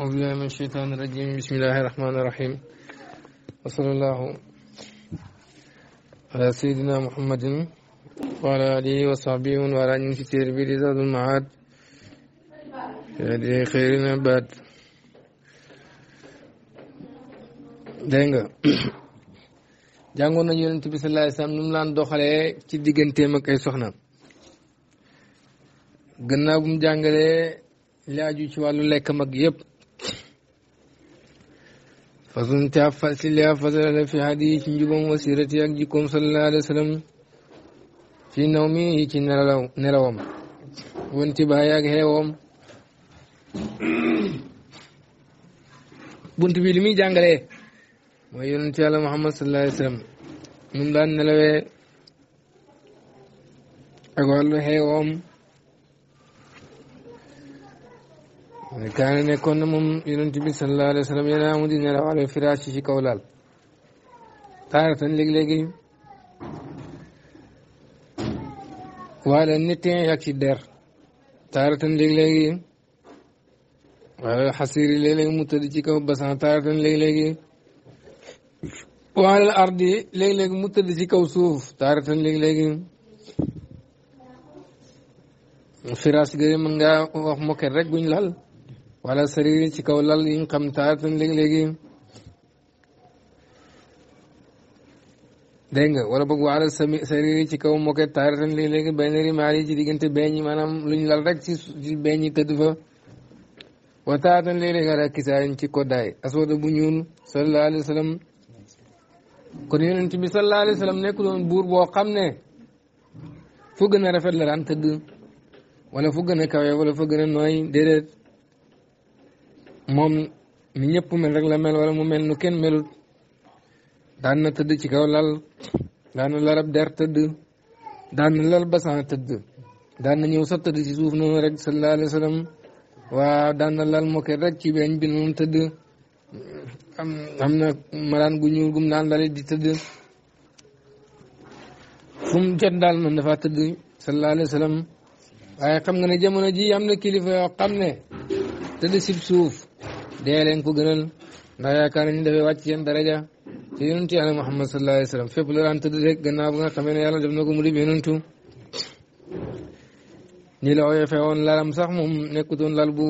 أعوذ بالله من الشيطان الرجيم بسم الله الرحمن الرحيم وصلى الله على سيدنا محمد وعلى آله وصحبه وعلى أن كثير برزاد المعاد يدي خير العباد dégg nga jàngoon nañu yonent bi sallallahu alayhi wasallam nu mu laan doxalee ci digganteem ak ay soxna gannaaw bu mu jàngalee laaju ci wàllu lekk mag yépp façon ca fasila fasala la fi hadi ci njubam wa ak jikkoom sallallahu alayhi fi naw ci nelawam wanti baay ak xeewoom bunt bi li muy jàngalee mooy yonent yàlla Muhammad sallallahu alayhi wa sallam num ak wàllu xeewoom kaane nekkoon na moom yonent bi sallallahu alayhi wa ci kaw laal taaratan léegi-léegi wala nittin ak ci der taaratan léegi wala mu tëdd ci kaw basan taaratan léegi-léegi wala ardi léegi-léegi mu ci kaw suuf taaratan léegi-léegi firaash gëri mën ngaa wax mokket wala sariir ci kaw lal yi nga xam taaratan léegi-léegi dégg nga wala boog wala sami sariir ci kaw moket taaratan léegi-léegi benn rimaal yi ci diggante beeñ yi maanaam lu ñu lal rek ci ci beeñ yi tëdd fa wa taaratan léegi-léegi ala kisaayin ci koddaay aswada bu ñuul sallallahu alayhi wa sallam kon yonent bi sallallahu alayhi wa sallam nekkul woon buur boo xam ne fu gën a rafet la daan tëdd wala fu gën a kawe wala fu gën moom ni ñëpp mel rek la mel wala mu mel nu kenn melut daan na tëdd ci kaw lal daan na larab der tëdd daan na lal basan tëdd daan na ñëw sax tëdd ci suuf noonu rek sallallahu daan na lal moket rek ci beñ bi noonu tëdd am am na malaan gu ñuul gum naan lalit di tëdd fu mu daal noonu dafa tëdd sallallahu alayhi wa nga ne jamono ji am na kilifa yoo xam suuf dee leen gënal ndax yaakaar nañu dafay wàcc seen daraja te yonentu Muhammad sallallahu alayhi wa sallam fépp la daan tëdd rek gannaaw ba nga na ne yàlla def na ko mu dib yonentu nii la ooyee feewoon lalam sax moom nekkutoon lal bu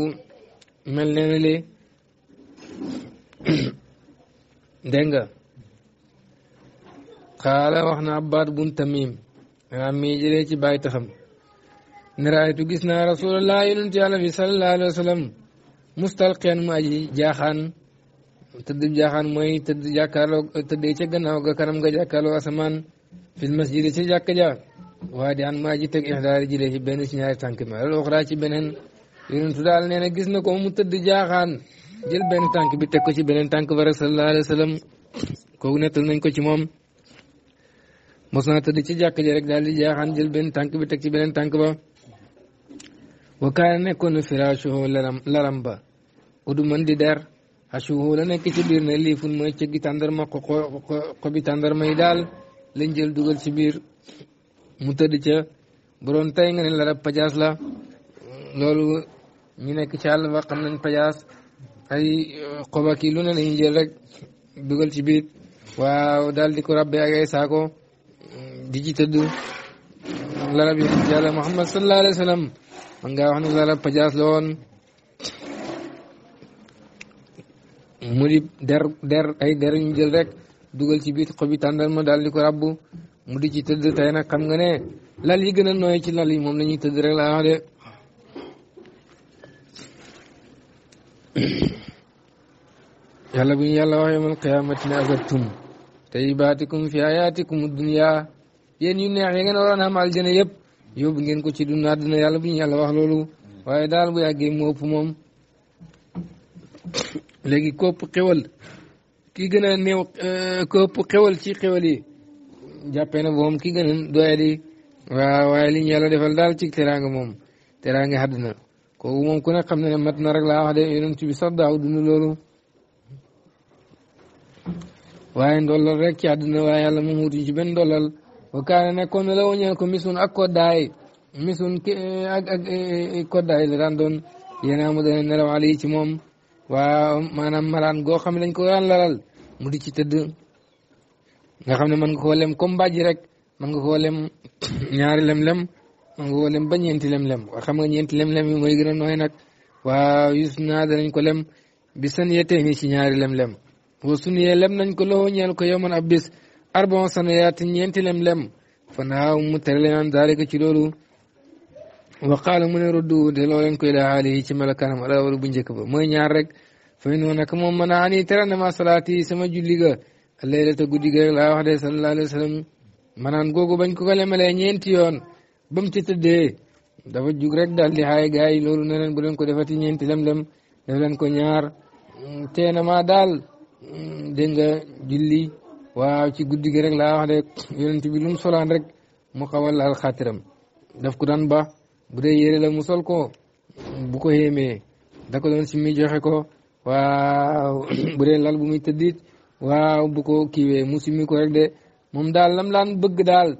mel nee na lii dégg nga wax na abbaat bun tamim am mi jëlee ci bàyyi taxam ne raaytu gis naa rasulallah yonentu yàlla bi sallallahu alayhi mustalqeen mu aji jaaxaan tëdd jaaxaan mooy tëdd jàkkaarloo tëddee ca gannaaw ga kanam nga jàkkaarloo asamaan fil masjid ca jàkka ja waa di an mu aji teg ixdaari jile ci benn ci ñaari tànk bi loolu oxraa ci beneen yonentu daal nee gis na ko mu tëdd jaaxaan jël benn tànk bi teg ko ci beneen tànk ba rek sallallahu alayhi wa kooku nettal nañ ko ci moom mos naa tëdd ci jàkka ja rek daal di jaaxaan jël benn tànk bi teg ci beneen tànk ba wakaana nekkoon na firaashuhu laram laram ba udu mën di der ashuhu la nekk ci biir ne lii fun mooy cëggi tàndarma ko xobi tàndarma yi daal lañ jël dugal ci biir mu tëdd ca bu doon nga ne larab pajaas la loolu ñu nekk ci àll ba xam nañ pajaas ay xobak yi lu ne lañu jël dugal ci biir wa daal di ko rab ak ay saako di ci tëdd larab yi ci Muhammad sallallahu alayhi man ngaa wax ne Zara Pajas la woon mu di der der ay der ñu jël rek dugal ci biir xobi tàndal ma daal di ko rabbu mu di ci tëdd tey nag xam nga ne lal yi gën a nooy ci lal yi moom la ñuy tëdd rek laa wax de yàlla bu ñu yàlla waxee man qiyaamati ne azabtum tayyibaatikum fi hayaatikum dunya yéen yu neex yi ngeen waroon am aljana yëpp yóbbu ngeen ko ci dund àddina yàlla bu ñu yàlla wax loolu waaye daal bu yàggee mu ëpp moom léegi kopp xewal ki gën a néew euh, kopp xewal ci xewal yi jàppee na moom kii gën a waaye li ñu yàlla defal daal ci teraanga moom teraanga àddina kooku moom ku ne xam ne ne mat na la laa wax de yonent bi sax daaw dund loolu waaye ndollal rek ci àddina waaye yàlla moom ci benn ndollal wa kaana nekkoon na la wañeel ko misun ak koddaay misun ak ak e, e, koddaay la daan doon yéenaa mu dana nelaw ali ci moom waa maanaam malaan goo xam ne dañ ko daan laral mu di ci tëdd nga xam ne mën nga koo lem comme mbàjji rek mën nga koo lem ñaari lem-lem mën nga koo lem lem-lem waa xam nga ñeenti lem-lem yi mooy gën a nag waaw yus ko lem bi san yetee ci ñaari lem-lem wa suniyee lem nañ ko loxoo ñeel ko yow man arbon sanayaat ñeenti lem-lem fanaaw mu tere leen an daalika ci loolu wa qaala mu ne ruddu delloo leen ko ilaa haalihi ci melokaanam alawal bu njëkk ba mooy ñaar rek fa inoo nag moom mën tere na ma salaati sama julli ga laylata guddi ga rek laa wax de sallallahu alayhi manaan googu bañ ko ko lemalee ñeenti yoon ba mu ci tëddee dafa jug rek daal di xaay gars yi loolu ne leen bu leen ko defati ñeenti lem-lem def ko ñaar tee na daal dégg julli waaw ci guddi gi rek laa wax de yonent bi lu mu solaan rek mu xaw a laal xaatiram daf ko daan ba bu dee yére la mu sol ko bu ko yéemee da ko doon si mi joxe ko waaw bu lal bu muy tëddit waaw bu ko kiiwee mu simi ko rek de moom daal lam laan bëgg daal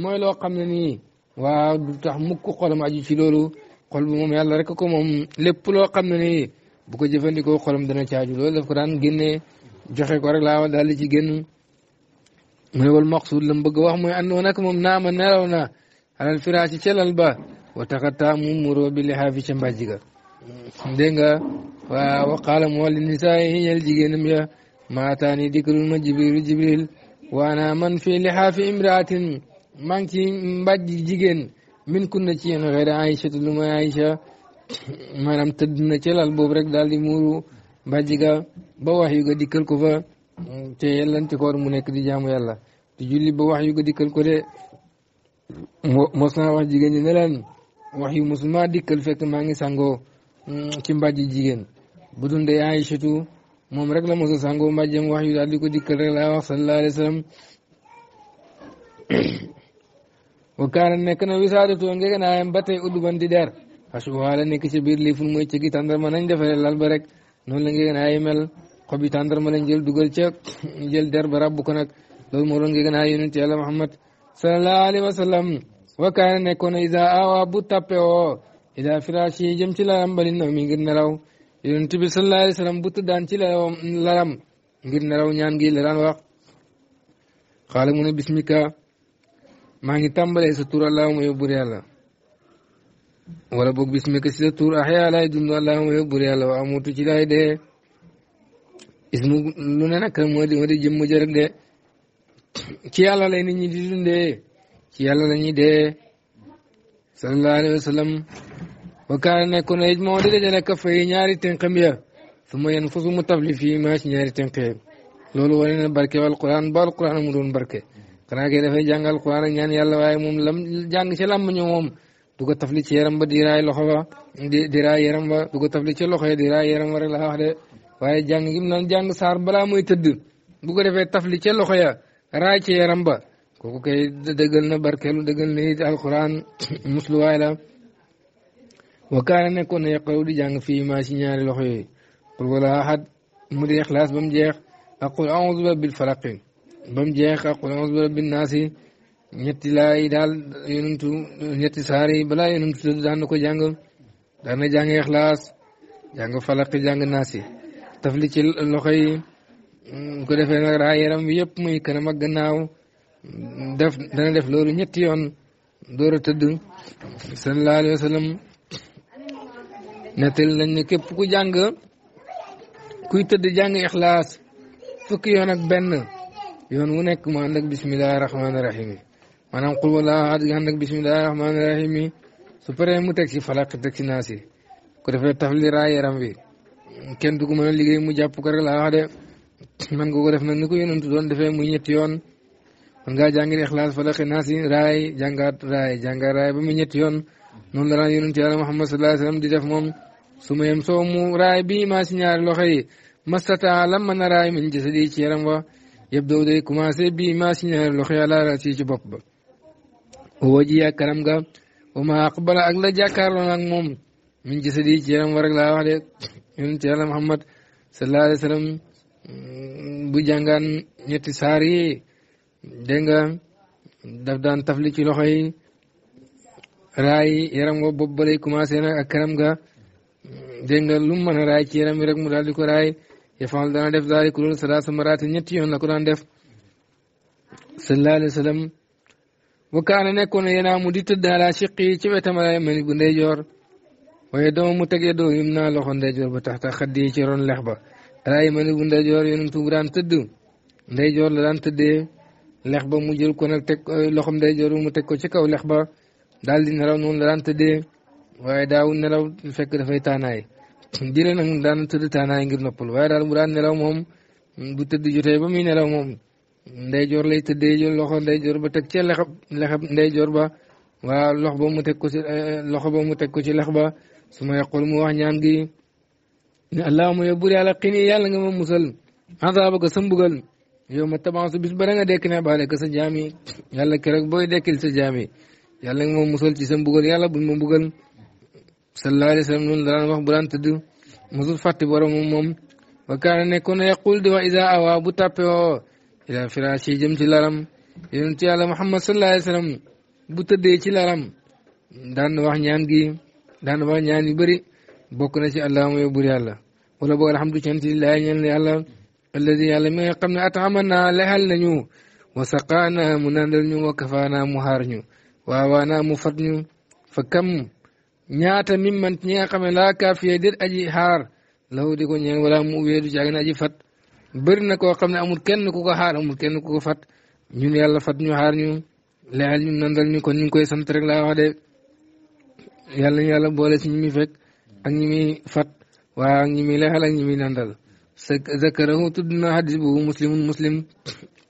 mooy loo xam ne nii waaw du tax mukk xolam aju ci loolu xol bu moom yàlla rek ko moom lépp loo xam ne nii bu ko jëfandikoo xolam dana caaju loolu daf ko daan génnee joxe ko rek laa wax daal di ci génn mu ne wal maqsuud la mu bëgg wax mooy àndoon ak moom naama nelaw na alal firaasi ca lal ba wa taxataa mu muroo bi lihaafi ca mbàjj ga dégg mu wàllu nisaa yi ñeel jigéenam ya maataani dikrul ma jibrilu jibril waana man fii lihaafi imraatin maa ngi ci mbàjj jigéen min kunna ci yéen xëy na Aïcha lu may Aïcha maanaam tëdd na rek daal di muuru mbàjj ba wax yu ga dikkal te yellanti koor mu nekk di jaamu yàlla te julli ba wax yu ko dikkal ko de mos naa wax jigéen ñi ne leen wax dikkal fekk maa ngi sangoo mm, ci mbàjji jigéen bu dul ndey Aysatu moom rek la mos a sangoo mbàjjam wax yu daal di ko dikkal rek laa wax sallallahu alayhi wa sallam wa nekk na wisaadatu ngegenaayam ba tey udduban di der xasuwaala nekk ci biir lii fun mooy ci gi tàndarma nañ defaree lal ba rek noonu la ngegenaayi mel xob yi tàndarma lañ jël dugal ca jël der ba rabbu ko nag loolu moo doon gën a yonent yàlla Muhammad sallallahu alayhi wa sallam wa kaana nekkoon isa awa bu tappe oo ila firaash yi jëm ci lalam bali naw mi ngir nelaw yonent bi sallallahu alayhi wa sallam bu tëddaan ci lalam ngir nelaw ñaan gi la daan wax xaala bismika maa ngi tàmbalee sa tur allahuma yow buur wala boog bismika si sa tur axya laay dund allahuma yow buur yàlla wa amutu ci laay dee ismu lu ne nag moo di moo di de ci yàlla lay nit ñi di dundee ci yàlla la ñi dee sallallahu alayhi wa sallam wa kaana nekkoon na yit ñaari tënqam ya su ma yen mu tafli fii maa ci ñaari tënq ya loolu wane na barke wal quran ba al quran amu doon barke xanaa kay dafay jàngal quran ak ñaan yàlla waaye moom lam jàng ci làmm ñu moom ci yaram ba diraay loxo ba diraay yaram ci loxo ya diraay yaram ba rek wax de waaye jàng gi mu naan saar balaa muy tëdd bu ko defee tafli ca loxo ya raay ca yaram ba kooku kay dëggal na barkeelu dëggal na it alquran la wa kaana nekkoon na yaqaru di jàng fii maa ñaari loxo yooyu qul wala ahad mu di ixlaas ba jeex ak qul audu bi rabbil falaqi ba jeex ak qul audu bi rabbin naasi ñetti laa yi daal yonentu ñetti saar yi balaa yonentu tëdd daan na ko jàng daan na jàng ixlaas jàng falaqi jàng naasi taf li ci loxo yi ko defe nag raa yaram wi yëpp mu kanam ak gannaaw def dana def loolu ñetti yoon door a tëdd sallallahu alayhi wa sallam nettal nañ képp ku jàng kuy tëdd jàng ixlaas fukk yoon ak benn yoon wu nekk mu ànd ak bismillahi rahmaani rahim maanaam qul wallahu ahad ànd ak bismillahi rahmaani rahim su paree mu teg ci falaq teg ko defee taf li raa yaram wi kenn du ko mën a liggéey mu jàpp ko rek laa de man nga ko def nag ni ko yonentu doon defee muy ñetti yoon man ngaa jàngil ixlaas falaqi naasi raay jàngaat raay jàngaat raay ba muy ñetti yoon noonu la daan yonentu yàlla Muhammad sallallahu alayhi wa sallam di def moom su ma yem soo mu raay bi maa si ñaari loxo yi mastata lam mën a raay min jasadi ci yaram wa yëpp doo day commencé bi ma si ñaari loxo yi àlaa raasi ci bopp ba woo ga wa ma aqbala ak la jàkkaarloo ak moom min gisee di ci yaram war rek laa wax Muhammad sallallahu alayhi wa ñetti saar yi nga daf daan tafli ci loxo yi raay yaram nga bopp ba lay commencé nag ak ga dégg nga lu mu ci yaram yi rek mu daal di ko raay yafaal dana def daal di salaasa maraati ñetti yoon la ko daan def sallallahu alayhi wa sallam bu kaana mu di tëdd ala ci wetam lay mel ni bu waaye dama mu tegee doo yim naa loxo ndeyjoor ba tax xa xaddi ci ron lex ba raay ma ne bu ndeyjoor yonent bu daan tëdd ndeyjoor la daan tëddee lex ba mu jël ko nag teg eh, loxom ndeyjoor mu teg ko ci kaw lex ba daal di nelaw noonu la daan tëddee waaye daawu nelaw fekk dafay taanaay dire nag daan tëdd taanaay ngir noppalu waaye daal bu daan nelaw moom bu tëdd jotee ba muy nelaw moom ndeyjoor lay tëdde jël loxo ndeyjoor ba teg ca lex lex ndeyjoor ba waaw lox ba mu teg ko ci loxo ba mu teg ko ci lex ba su ma yaqul mu wax ñaan gi ne allahuma yow buur yàlla xini yàlla nga ma musal azaaba ko sa mbugal yow ma tabansu bis ba da nga dekk ne baale ko sa jaam yi yàlla keroog booy dekkil sa jaam yi yàlla nga ma musal ci sa mbugal yàlla buñ ma mbugal sallallahu alayhi wa sallam noonu daan wax bu daan tëdd mosul fàtte borom moom moom wa kaana nekkoon na yaqul di wax isa awa bu tàppe oo ila firaas yi jëm ci laram yonentu yàlla muhammad sallallahu alayhi wa sallam bu tëddee ci lalam daan wax ñaan gi daan wax ñaan yu bëri bokk na ci allahuma yow bur yàlla wala boog alhamdu cant lillahi ñeel yàlla alladi yàlla mi nga xam ne atamana lexal nañu wa saqaana mu nandal ñu wa kafaana mu xaar ñu waawaana mu fat ñu fa kam ñaata mim man ñi nga xam ne laa kaafiye déet aji xaar law di ko ñeen wala mu weedu caagin aji fat bëri na koo xam ne amul kenn ku ko xaar amul kenn ku ko fat ñun yàlla fat ñu xaar ñu laal ñu nandal ñu ko ñu ngi koy sant rek laa wax de yàlla yàlla boole si ñi muy fekk ak ñi muy fat waa ak ñi muy leexal ak ñi muy nandal zakarahu tudd na xadis boobu muslimun muslim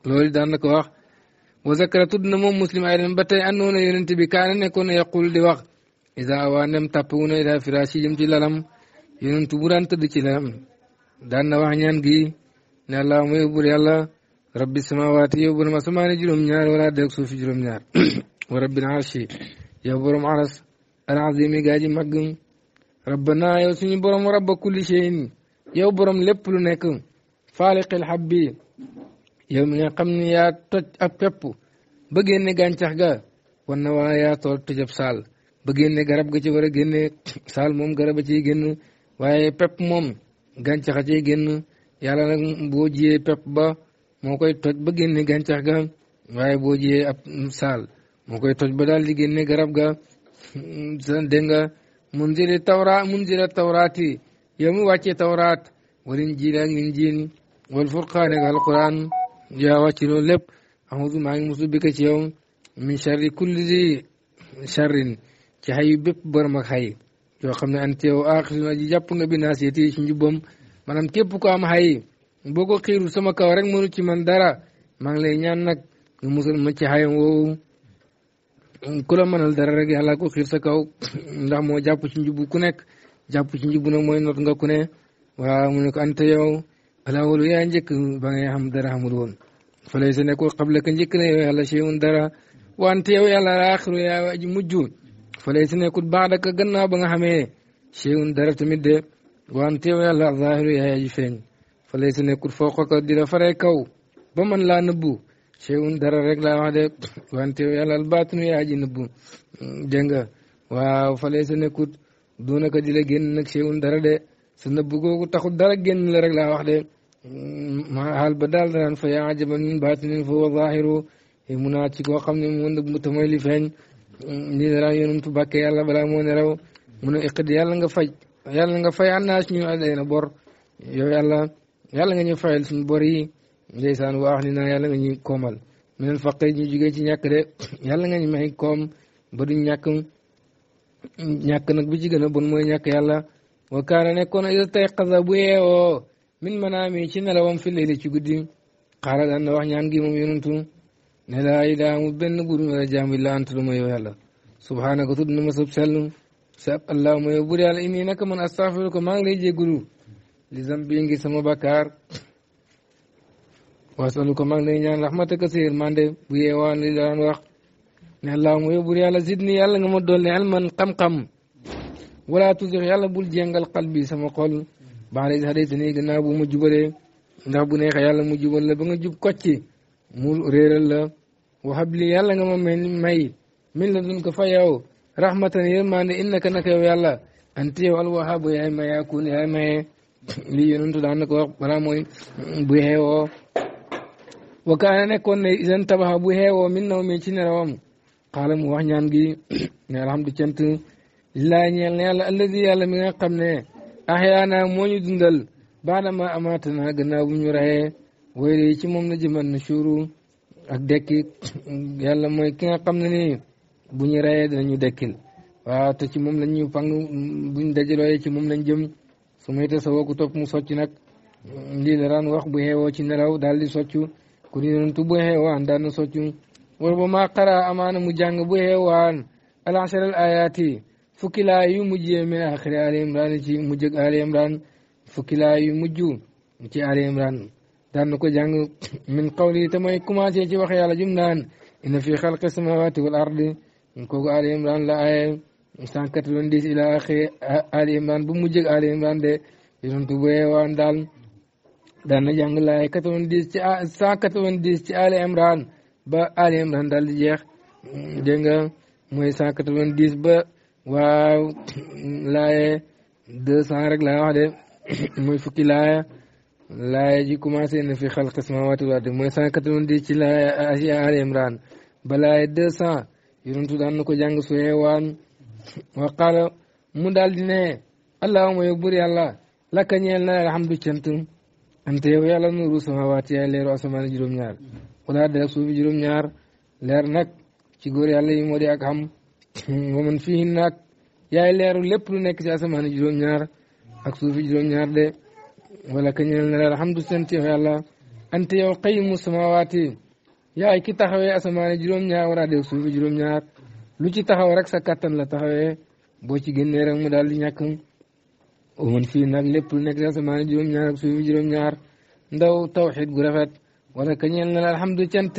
loolu daan na ko wax wa zakara tudd na moom muslim ay dem ba tey àndoon na yonent bi kaana nekkoon na yaqul di wax isa waa nem tàpp wu na ila firaashi jëm ci lalam yonent bu daan tëdd ci lalam daan na ñaan gi ne allahuma yóbbur yàlla rabbi samawaati yow borom asamaani juróom-ñaar wala dëgg suufi juróom-ñaar wa rabbil arshi yow borom aras al azimi gaa màgg rabbana yow suñu borom rabba kulli shay'in yow borom lépp lu nekk faaliqil habbi yow mi nga xam ne yaa toj gàncax ga wan na waa tool toj ab saal ba génne garab ga ci war a génne saal moom garab a ci génn waaye pepp moom gàncax a ciy génn yàlla nag boo jiyee pepp ba. moo koy toj ba génne gàncax ga waaye boo jiyee ab saal moo koy toj ba daal di génne garab ga dégg nga munzili tawra munzila tawraati yow mi wàccee tawraat wal injiil ak injiil wal furqaan yaa wàcce loolu lépp maa ngi musu bika ci yow min charri kulli di charrin ci xayu bépp borom ak xay yoo xam ne ante yow aaxisun aji jàpp nga bi naasiyati ci njubam maanaam képp ko am xay boo ko xiiru sama kaw rek mënu ci man dara maa ngi lay ñaan nag mu musal ma ci xayam woowu ku la mënal dara rek yàlla ko xiir sa kaw ndax moo jàpp ci njubu ku nekk jàpp ci njubu na mooy not nga ku ne waaw mu ne anta yow alaa walu yaa njëkk ba ngay xam dara xamul woon fa lay sa nekkul xabla ka njëkk la yow yàlla séyoon dara wa anta yow yàlla laaxiru yaa aji mujj fa lay sa nekkul baax daka gannaaw ba nga xamee séyoon dara tamit de wa anta yow yàlla zaahiru yaa aji feeñ fa lay si nekkul foo ko di la faree kaw ba man laa nëbbu cheyun dara rek laa wax de wante yàlla albaatinu yaa ji nëbbu mm, nga waaw fa lay si nekkut doona ko di la génn nag cheyun dara de sa nëbbu googu taxul dara génn la rek laa wax de mm, ma xaal ba daal daan fa yaa ajaban min baatinin fa huwa zaahiru mu ci koo xam ne moo nëbbu te mm, tu bàkke yàlla balaa moo ne yàlla nga fay yàlla nga fay ànnaas ñu àddee na bor yow yàlla yàlla nga ñu fayal suñu bor yi ndeysaan waax ni naa yàlla nga ñuy koomal meneen faqe ñu jugee ci ñàkk de yàlla nga ñu may koom ba duñ ñàkk ñàkk nag bi ci gën a bon mooy ñàkk yàlla wa kaana nekkoon a tay xasa bu yeewoo min manaami ci nelawam fi léegi ci guddi xaaral daan na wax ñaan gi moom yonentu ne laa ilaaha mu benn buur wala jaam illaa anta lu ma yàlla subhaanaka tudd na ma sab sell sa allahuma yow buur yàlla inni naka man astaghfiruka maa ngi lay jéggulu li zambi ngi sama bakkaar wasalu ko mag lay ñaan rahmataka sa yërmande bu yeewaan li daan wax ne allahuma yow bur yàlla sidni yàlla nga ma dolli alman xam-xam wala toujours yàlla bul jengal qalbi sama xol baax na hadayta nii gannaaw bu ma jubalee ndax bu neexee yàlla mu jubal la ba nga jub kocci mu la waxab li yàlla nga ma may min la dun ko fa yow rahmatan yërmande innaka naka yow yàlla anti yow alwahabu yaay mayaa kun yaay mayee lii yonent daan na ko balaa mooy bu xeewoo wa kaana nekkoon ne isan tabaxa bu xeewoo min naw mi ci nelawam xaala mu wax ñaan gi ne alhamdu cant lillaahi ñeel na yàlla alladi yàlla mi nga xam ne axyaana moo ñu dundal baadama amaatana gannaaw bu ñu rayee wéyre ci moom la jëman na suuru ak dekki yàlla mooy ki nga xam ne nii bu ñu rayee danañu dekkil waaw ci moom lañu pang buñ dajalooyee ci moom lañ jëm su may ku topp mu socc nag la daan wax bu xeewoo ci nelaw daal di soccu ku ni noonu tu bu xeewoo an daan na soccu war ba maa xara amaana mu jàng bu xeewaan alansaral ayaati fukki laa yu mujjee min axiri ali imran ci mujjëg fukki laa yu mujj ci ali imran daan na ko jàng min qawli te mooy ci wax yàlla jum naan fi xalqi samawati wal ardi kooku ali imran la aye cent quatre-vingt-dix ila axiri Ali Imran bu mujj Ali Imran de yonentu bu yeewaan daal daan na jàng quatre-vingt-dix ci Ali Imran ba Ali Imran daal di jeex dégg mooy cent quatre-vingt-dix ba waaw laaye deux cent rek laa wax de mooy fukki laaya laaya ji commencé na fi xalqi samaawaati wal ardi mooy cent quatre-vingt-dix ci laaya Ali Imran ba laaye deux cent yonentu daan ko jàng su yeewaan wa qaala mu daal di ne allahuma yow bur yàlla lakka ñeel na alhamdu cant ante yow yàlla nuuru samawaati yaay leeru asamaan juróom-ñaar wala dara suufi juróom-ñaar leer nag ci góor yàlla yi moo di ak xam wa fii nag yaay leeru lépp lu nekk ci asamaan juróom-ñaar ak suufi juróom-ñaar de wala ka ñeel na alhamdu sant yow yàlla yow qayimu samawaati yaay ki taxawee asamaan juróom-ñaar wala dara suufi juróom-ñaar lu ci taxaw rek sa kattan la taxawee boo ci génnee rek mu daal di ñàkk woon fii nag lépp lu nekk ci asamaan juróom-ñaar ak suuf ndaw tawxid gu rafet wala ka ñeel na la alhamdu cant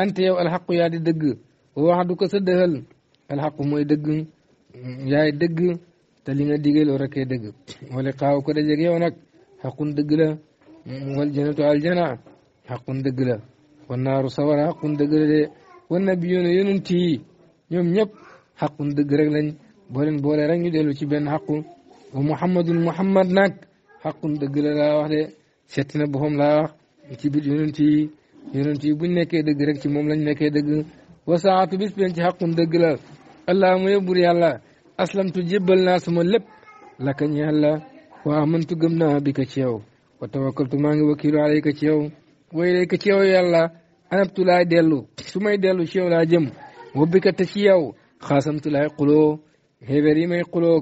ante yow alxaqu yaa dëgg wax du ko sa dëxal alxaqu mooy dëgg yaay dëgg li nga digal loo dëgg wala xaaw ko dajeeg yow nag xaqun dëgg la wal janatu aljana xaqun dëgg la wannaaru sawara xaqun dëgg la de wan nabiyuuna yonent ñoom ñëpp xaqun dëgg rek lañ boo leen boole rek ñu dellu ci benn xaqu wa muhammadun muhammad nag xaqun dëgg la laa wax de setti na boppam laa wax ci biir yonent yi yonent yi buñ nekkee dëgg rek ci moom lañ nekkee dëgg wa saatu bis benn ci xaqun dëgg la allah mu yóbbur yàlla aslamtu jébbal naa suma lépp laka ñeel la wa amantu gëm naa bi ka ci yow wa tawakkaltu maa ngi wakiilu alayka ci yow wa ilayka ci yow yàlla anabtu laay dellu su may dellu ci yow laa jëm wobbika te ci yow xaasamtulaay xuloo xéebéer yi may xuloo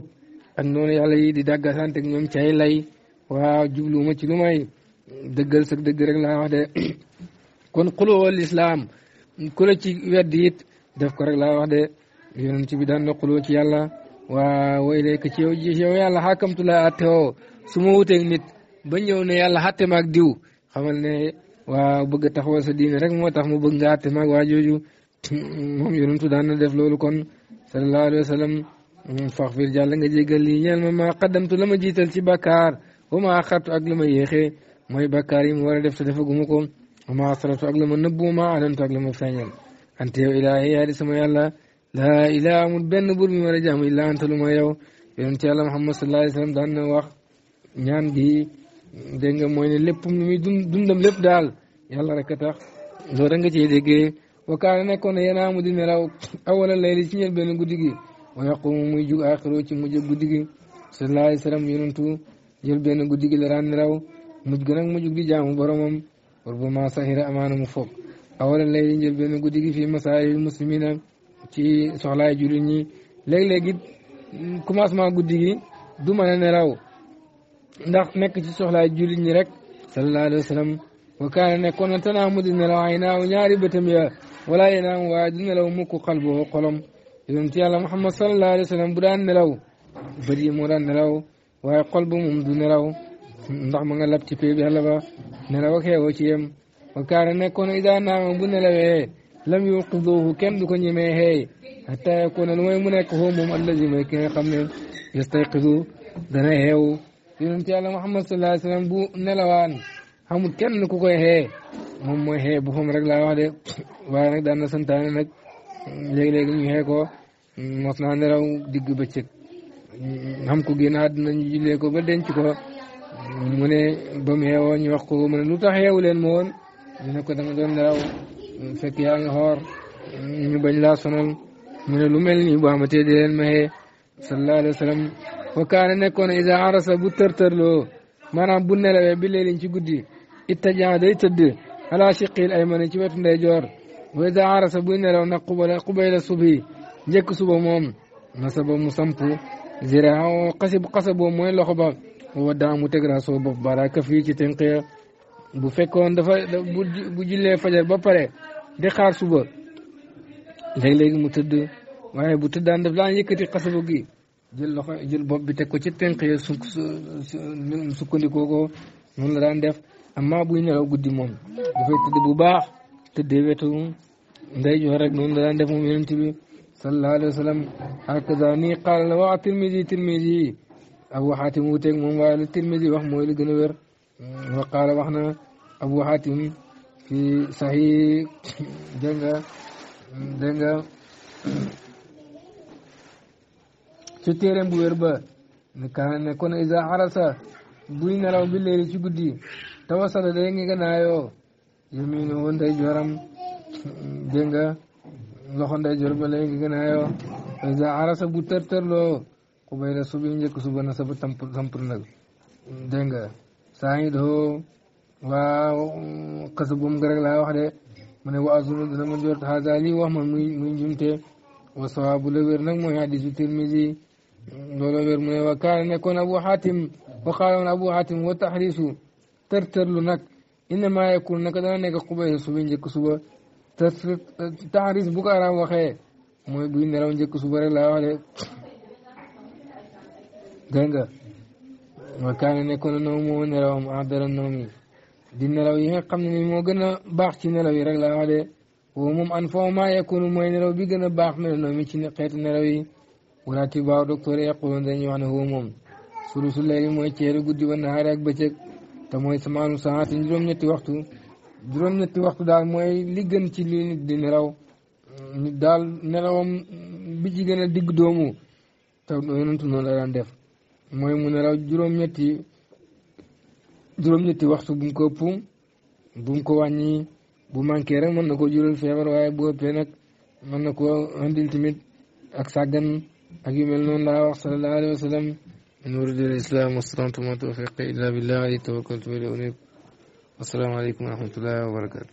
ak noonu yàlla yi di dàggasante ak ñoom cay lay waaw jubluuma ci lu may dëggal sag dëgg rek laa wax de kon xuloo lislaam ku la ci wedd it def ko rek laa wax de yonent bi daan na xuloo ci yàlla waaw way léegi ci yow ci yow yàlla xaakamtulaay atte woo su ma wuteeg nit ba ñëw ne yàlla xatte maag diw xamal ne waaw bëgg a taxawal sa diine rek moo tax mu bëgg nga atte waa jooju moom yonentu daan na def loolu kon sallallahu alayhi wa sallam jàll nga jégal lii ñeel ma maa xaddamtu la ci bakkaar wa maa ak la ma yéexee mooy yi mu war a def te defaguma asratu ak la ma nëbbu wa maa alantu ak la ma feeñal ante sama yàlla laa ilaha amul benn bur mi war a jaamu anta lu ma yonentu yàlla Muhammad sallallahu alayhi wa sallam na wax ñaan gi dégg nga mooy ne lépp lu muy dundam lépp daal yàlla rek tax loolu nga ciy déggee wakaana nekkoon na yanaamu di nelaw awala layli ci ñel benn guddi gi wa yaqumu muy jug aaxiroo ci mujj guddi gi sallallahu alayhi wasallam yonentu ñel benn guddi gi la daan nelaw mujj ga nag mu jug di jaamu boromam rubbama sahira amaana mu foog awala layli ñel benn guddi gi fii guddi gi du mën a nelaw ndax nekk ci soxlaay jullit ñi rek sallallahu alayhi wasallam wakaana nekkoon na tanaamu di nelaw ay naaw ñaari bëtam ya wala yanaam waaye du nelaw mukk xalboo xolom yonent yàlla muhammad sallallahu alayhi wa sallam bu daan nelaw bët yi moo daan nelaw waaye xol bu moom du nelaw ndax ma nga lab ci péeb yàlla ba nelaw ak xeewoo ci yem wa kaana nekkoon idaa naama bu nelawee lam yuqiduhu kenn du ko ñemee xeey hatta yakuuna lu mooy mu nekk foofu moom allazi mooy ki nga xam ne yastayqidu dana xeewu yonent yàlla muhammad sallallahu bu nelawaan xamul kenn ku ko xee moom mooy bu xam rek laa wax de waaye nag daan na santaane nag léegi-léegi ñu xee ko mos naa neraw digg bëccëg xam ko génn àdduna ñu jullee ko ba denc ko mu ne ba mu xeewoo wax ko mu ne lu tax xeewu leen ma woon ñu ko danga doon neraw fekk yaa ngi xoor ñu bañ laa sonal mu ne lu mel nii bu amatee di leen ma xee sallallahu alayhi wa sallam wa kaane nekkoon isa arasa bu tërtërloo maanaam bu nelawee bi léeg ci guddi ittaja day tëdd ala shiqil ayman ci wetu ndeyjoor wa ida arasa buy nelaw nag qubala qubayla subhi njëkk suba moom nasaba mu samp ziraaw xasib xasaboo mooy loxo ba wa daa mu teg raasoo bopp bara kaf yi ci tënk ya bu fekkoon dafa bu jullee fajar ba pare di xaar suba léeg-léegi mu tëdd waaye bu tëddaan daf daan yëkkati xasaba gi jël loxo jël bopp bi teg ko ci tënk ya su sukkandikoo ko noonu la daan def amma buy nelaw guddi moom dafay tëdd bu baax tëddee wetu ndeyjoor rek noonu la daan def moom yonent bi sallallahu alayhi wa sallam hakaza nii qaala la wax tirmidi tirmidi abu xaatim wuuteeg moom waaye la tirmidi wax mooy li gën a wér wa qaala wax na abu xaatim fi saxi dégg nga dégg nga ci téeréem bu wér ba ne kaana ne kon isa xarasa buy nelaw bi léegi ci guddi tawasala day ngi gànnaayoo yu muy nuwoon day nga loxo day jor ba léegi gànnaayoo isa arasa bu lo ku bay da subi njëkk suba na saba nag dégg nga saa ngi doo waaw xasa bum nga rek laa wax de mu ne wa azunu dina ma jort xaasa lii wax ma muy muy njumte wa sawaabu la nag mooy hadis bi Tirmisi loolu wér mu ne wa kaana nekkoon abu xaatim wa qaaloon abu xaatim wa taxriisu tërtërlu nag innama yakun naka dana nekk xubay suba njëkk suba te taxriis bu ko araam waxee mooy buy nelaw njëkk suba rek la wax de dégg nga wa kaana nekkoon na noom moo nelawam ahdara noom yi di nelaw yi nga xam ne moo gën a baax ci nelaw yi rek laa wax de woo maa yakunu mooy nelaw bi gën a baax mel noom ci xeetu nelaw yi wala ci baaw docteur yaqulun dañuy wax ne woo moom sulusu layli mooy ceeru guddi ba naxaare ak bëccëg te mooy samaanu saati juróom-ñetti waxtu juróom-ñetti waxtu daal mooy li gën ci di nelaw daal nelawam bi ci gën digg doomu te yonentu noonu la daan def mooy mu nelaw juróom-ñetti juróom waxtu bu mu ko ëpp bu mu ko wàññi bu manqué rek mën na koo jural feebar waaye bu ëppee nag mën na koo ak sàggan أجي من نون صلى الله عليه وسلم إن ورد الإسلام والسلام والتوفيق إلا بالله عليه توكلت وإليه أنيب السلام عليكم ورحمة الله وبركاته